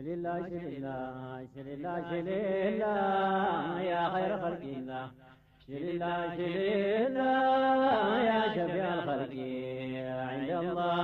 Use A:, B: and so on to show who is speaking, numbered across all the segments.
A: شليلا شليلا شليلا شليلا يا خير خلق الله شليلا شليلا يا شفيع الخلق عند الله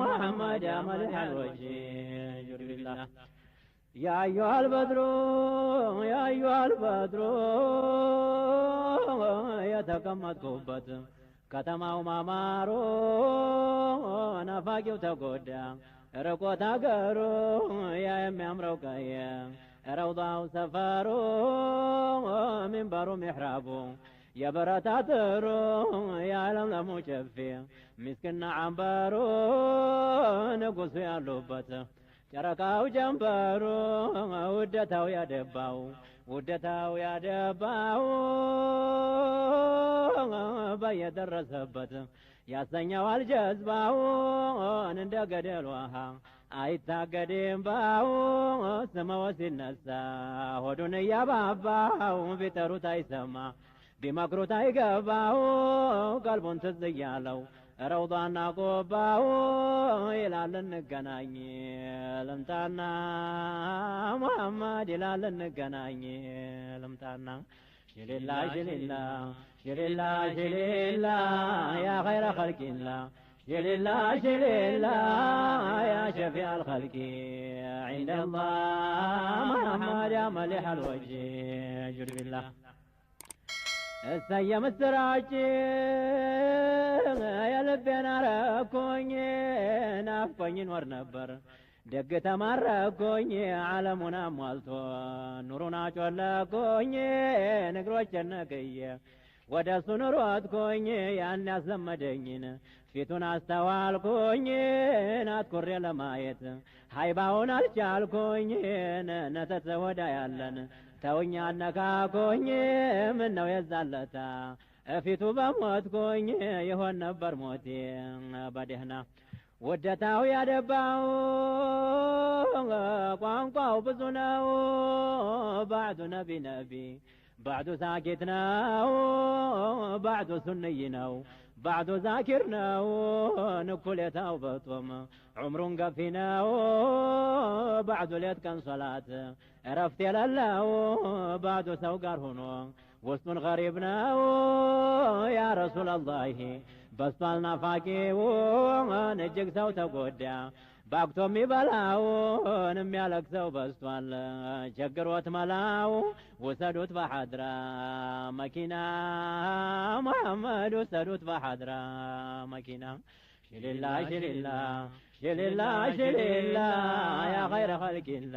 A: محمد يا ملح الوجه الله يا أيها البدر يا أيها البدر يتقمد كبت كتمه مامارو نفاقه تقدم ርቆት አገሩ ያ የሚያምረው ቀየ ረውዳው ሰፈሩ ሚንበሩ ሚሕራቡ የበረታ ጥሩ የዓለምለሙ ጨፌ ምስክና አንበሩ ንጉሱ ያሉበት ጨረቃው ጀንበሩ ውደታው ያደባው ውደታው ያደባው በየደረሰበት ያሰኘዋል ጀዝባውን እንደ ገደል ውሃ አይታገድም ባው ስመወ ሲነሳ ሆዱን እያባባው ቢጠሩት አይሰማ ቢመክሩት አይገባው ቀልቡን ትዝ እያለው ረውዷና ቆባው ይላል እንገናኝ ልምጣና ሙሐመድ ይላል እንገናኝ ልምጣና شللا شللا شللا شللا يا خير خلق الله شللا شللا يا شفيع الخلق عند الله محمد يا مليح الوجه جر بالله السيم السراج يا لبنا ركوني نافقين ورنبر ደግ ተማረኩኝ ዓለሙን አሟልቶ ኑሩን አጮለኩኝ ንግሮች ነቅየ ወደ እሱ ኑሮትኩኝ ያን ያስለመደኝን ፊቱን አስተዋልኩኝ ናትኩሬ ለማየት ሀይባውን አልቻልኩኝ ነተተ ወዳ ያለን ተውኝ አነካኩኝ ምን ነው የዛለታ እፊቱ በሞትኩኝ ይሆን ነበር ሞቴ በደህና ውደታው ያደባው ቋንቋው ብዙ ነው። ባዕዱ ነቢ ነቢ ባዕዱ ሳኬት ነው። ባዕዱ ሱንይ ነው። ባዕዱ ዛኪር ነው። ንኩሌታው በጦም ዑምሩን ገፊ ነው። ባዕዱ ሌት ቀን ሶላት እረፍት የሌለው ባዕዱ ሰው ጋር ሆኖ ውስጡን ገሪብ ነው። ያ ረሱል አላህ በስቷል ናፋቂውን እጅግ ሰው ተጎዳ ባክቶ የሚበላውን የሚያለቅሰው በስቷል ቸግሮት መላው ውሰዱት በሐድራ መኪና መሐመድ ውሰዱት በሐድራ መኪና ሽልላ ሽልላ ሽልላ ሽልላ ያ ኸይረ ኸልቂላ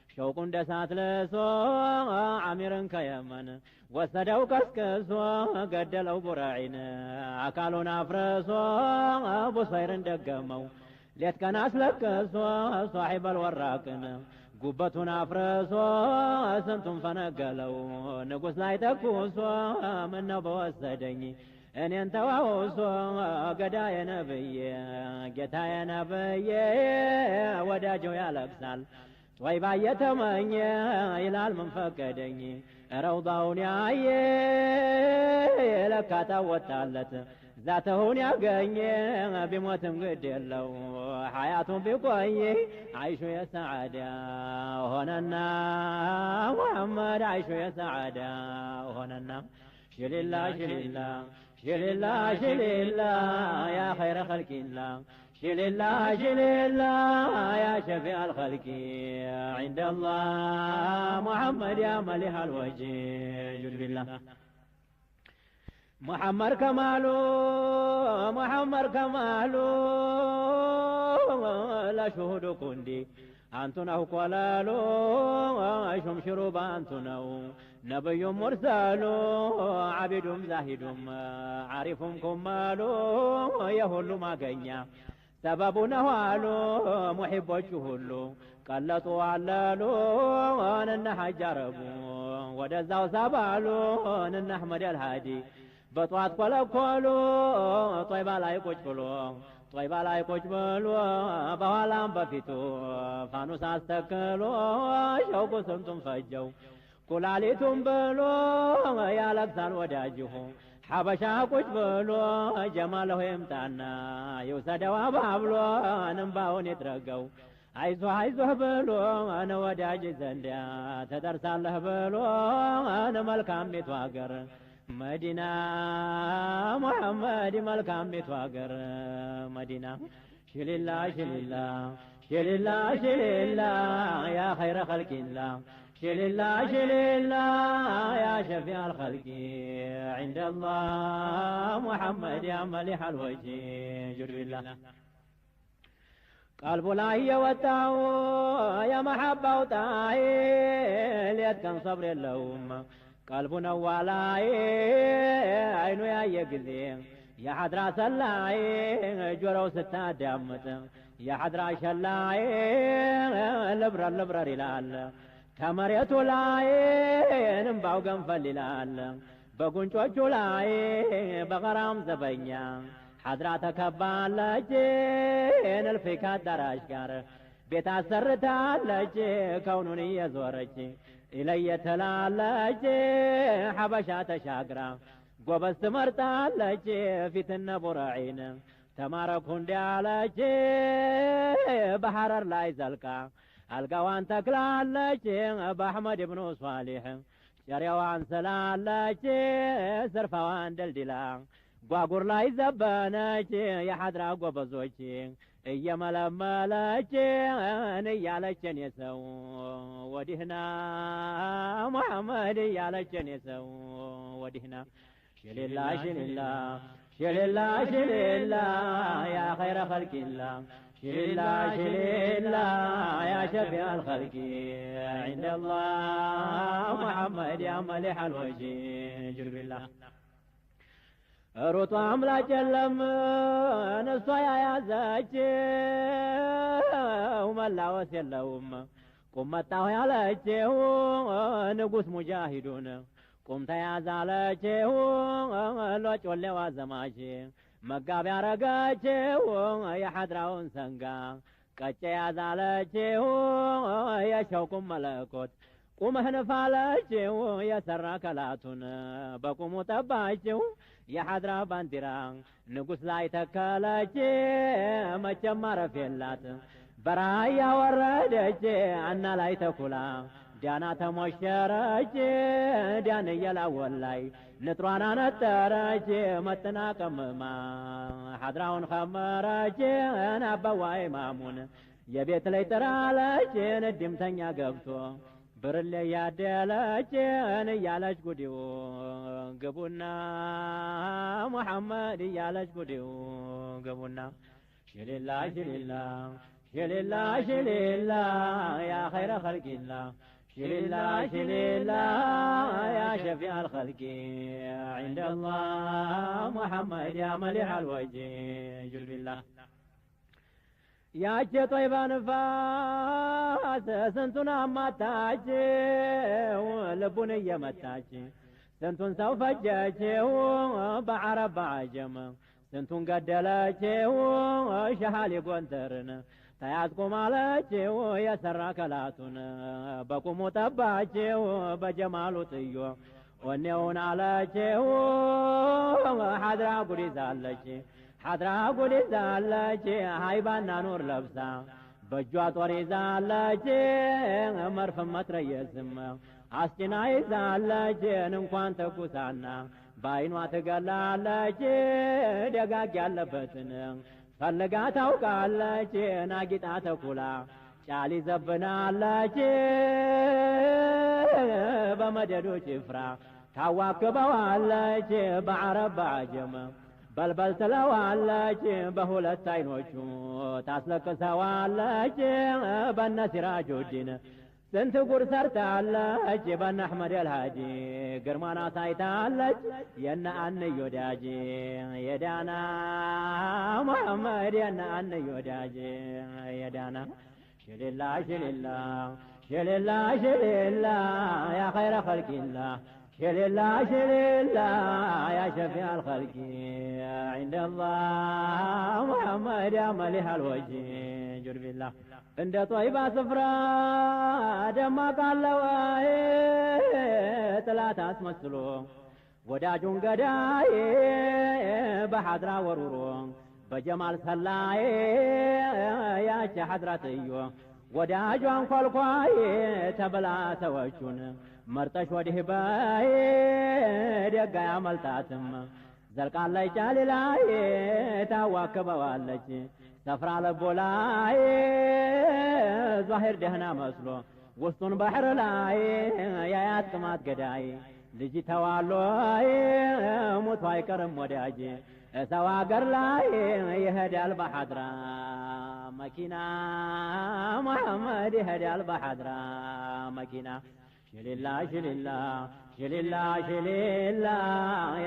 A: ሸውቁ እንደ ለሶ አሚርን ከየመን ወሰደው ቀስቅሶ ገደለው ቡራዒን አካሉን አፍረሶ ቡሰይርን ደገመው ሌት ቀን አስለቅሶ ሷሒብ አልወራቅን ጉበቱን አፍረሶ ስንቱን ፈነገለው ንጉሥ ላይ ተኩሶ ምነው በወሰደኝ እኔን ተዋውሶ ገዳ የነብዬ ጌታ የነብዬ ወዳጀው ያለቅሳል وي با يتمني إلى المنفقدني روضة ونعي لك توتالت ذاته ونعقني بموت مقدل حياة بقوي عيشوا يا سعادة هنا محمد عيشوا يا سعادة هنا شيل الله شيل الله شل الله شل الله يا خير خلق الله شيل الله شيل الله يا شفيع الخلق عند الله محمد يا مليح الوجه جل بالله محمد كماله محمد كماله لا شهود كندي أنتنا قلالو أشم شروب أنتنا نبي مرسل عبد زاهد عارف كمال يهل ما قنيا ሰበቡ ነኋሉ ሙሒቦቹ ሁሉ ቀለጡ አለሉ እነ ሐጃረቡ ወደዛው ሰባሉ እነ አሕመድ አልሃዲ በጠዋት ኮለኮሉ ጦይባ ላይ ቁጭ ብሎ ጦይባ ላይ ቁጭ ብሎ በኋላም በፊቱ ፋኑስ አስተክሎ ሸውቁ ስንቱም ፈጀው ኩላሊቱም ብሎ ያለቅሳል ወዳጅሁ አበሻ ቁጭ ብሎ ጀማለሁ ይምጣና ይውሰደው አባብሎ እንባውን የትረገው አይዞህ አይዞህ ብሎ እነ ወዳጅ ዘንዳ ተደርሳለህ ብሎ እነ መልካሚቱ አገር መዲና ሙሐመድ መልካሚቱ አገር መዲና ሽሊላ ሽሊላ ሽሊላ ሽሊላ ያ ኸይረ ኸልቂላ شيل الله يا شفيع الخلق عند الله محمد يا مليح الوجه جر الله قلب لا وتاو يا محبة وتاي ليت كان صبر اللوم قلب نوالاي عينو يا يقذي يا حضرة سلاي جورو ستا دامت يا حضرة شلاي لبر لبر إلى ከመሬቱ ላይ እንባው ገንፈል ይላል በጉንጮቹ ላይ በቀራም ዘበኛ ሐድራ ተከባለች ንልፊ ከአዳራሽ ጋር ቤት አሰርታለች ከውኑን እየዞረች ኢለየ ትላለች ሐበሻ ተሻግራ ጎበዝ ትመርጣለች ፊትነ ቡረዒን ተማረኩ እንዲያለች በሐረር ላይ ዘልቃ الكوان تكلا لكين أبا أحمد بن صالح شريا وان سلا لكين سرفا وان دل دلان قاقر لاي زبانا كين يا حضرا يا كين إيا ملما يا نيا لكين يسو ودهنا محمد يا لكين يسو ودهنا شلل شلل شلل شلل يا خير خلق الله شلل شلل شفيع الخلق عند الله محمد يا مليح الوجه جر بالله ሩጡ አምላክ የለም እሷ ያያዘችው መላወስ የለውም ቁም መጣሁ ያለችው ንጉሥ ሙጃሂዱን ቁም ተያዝ አለችው ሎጮሌዋ ዘማች መጋቢ ያረገችው የሐድራውን ሰንጋ ቀጨ የሸው ቁም መለኮት ቁመህን ፋለችው የሰራ ከላቱን በቁሙ ጠባችው የሐድራ ባንዲራ ንጉሥ ላይ ተከለች መቼም ማረፍ የላት በራያ ወረደች አና ላይ ተኩላ ዳና ተሞሸረች ዳን እየላወላይ ልጥሯን አነጠረች መጥና ቀምማ ሐድራውን ኸመረች አባዋይ ማሙን የቤት ላይ ጥራለች ንድምተኛ ገብቶ ብርሌ ያደለች እያለች ጉዲው ግቡና ሙሐመድ እያለች ጉዲው ግቡና ሽሊላ ሽሊላ ሽሊላ ሽሊላ ያ ኸይረ ኸልቂላ شليلا شليلا يا شفيع الخلق عند الله محمد يا مليح الوجه جل بالله يا شي طيب انفاس سنتنا ما تاج ولبني ما تاج سنتن سوف جاجه بعرب عجم سنتن قدلاجه شحال قنترنا ተያዝኩም አለችው የሰራ ከላቱን በቁሙ ጠባችው በጀማሉ ጥዮ ወኔውን አለችው ሀድራ ጉዲዛለች ሀድራ ጉድ ሀይባና ኑር ለብሳ በእጇ ጦር ይዛለች መርፍም መትረየስም አስጭና ይዛለች እንኳን ተኩሳና በአይኗ ትገላለች ደጋግ ያለበትን ፈለጋ ታውቃለች ናጊጣ ተኩላ ጫሊ ዘብናለች በመደዶ ጭፍራ ታዋክበዋለች በዓረብ በአጀም በልበል ትለዋለች በሁለት አይኖቹ ታስለቅሰዋለች በነ ሲራጆዲን ስንት ጉር ሰርታለች በነ አሕመድ አልሃጂ ግርማና ታይታለች የነ አንዮ ወዳጅ የዳና መሐመድ የነ አንዮ ወዳጅ የዳና ሽልላ ሽልላ ሽልላ ሽልላ ያ ኸይረ ኸልቂላ ሽልላ ሽልላ ያ ሸፊዕ አልኸልቂ ዐንደ አላህ መሐመድ ያ መሊህ አልወጂ ችግር ቢላ እንደ ጦይባ ስፍራ ደማቅ አለዋይ ጥላት አስመስሎ ወዳጁን ገዳይ በሐድራ ወሩሮ በጀማል ሰላይ ያቺ ሐድራትዮ ወዳጇን ኳልኳይ ተብላ ተወቹን መርጠሽ ወዲህ በይ ደጋ ያመልጣትም ዘልቃለች ጫሊ ታዋክበዋለች ሰፍራ ለቦ ላይ ዟሂር ደህና መስሎ ውስጡን ባሕር ላይ ያያት ቅማት ገዳይ ልጅ ተዋሎይ ሙቶ አይቀርም ወዳጅ እሰው አገር ላይ ይሄዳል በሐድራ መኪና መሐመድ ይሄዳል በሐድራ መኪና شليلا شليلا شليلا شليلا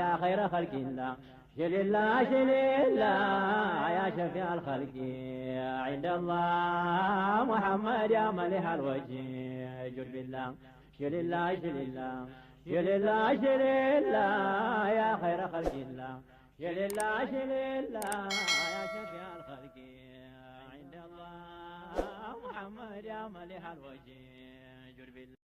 A: يا خير خلق الله شليلا شليلا يا شفيع الخلق عند الله محمد يا مليح الوجه جل بالله شليلا شليلا شليلا شليلا يا خير خلق الله شليلا شليلا يا شفيع الخلق عند الله محمد يا مليح الوجه جل بالله